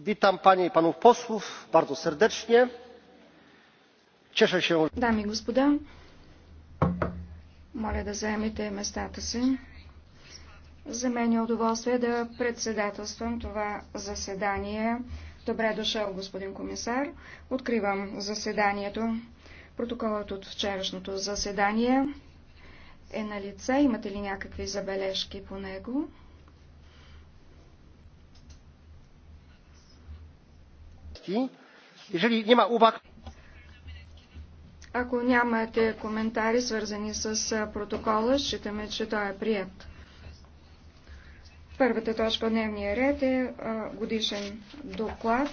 witam panie i panów posłów bardzo serdecznie. cieszę się. дами и господа моля да заемете местата си. За мен е удоволствие да председателствам това заседание. Добре дошъл, господин комисар. Откривам заседанието. Протоколът от вчерашното заседание е на лице. Имате ли някакви забележки по него? kwestii. Jeżeli nie ma uwag... Ако нямате коментари, свързани с протокола, считаме, че той е прият. Първата точка от дневния ред е годишен доклад